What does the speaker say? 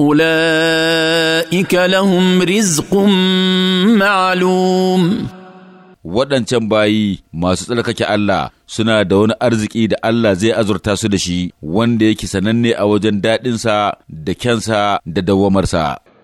أولئك لهم رزق معلوم waɗancan bayi masu tsarkake Allah suna da wani arziki da Allah zai azurta su da shi wanda yake sananne a wajen daɗinsa da kyansa da dawwamarsa.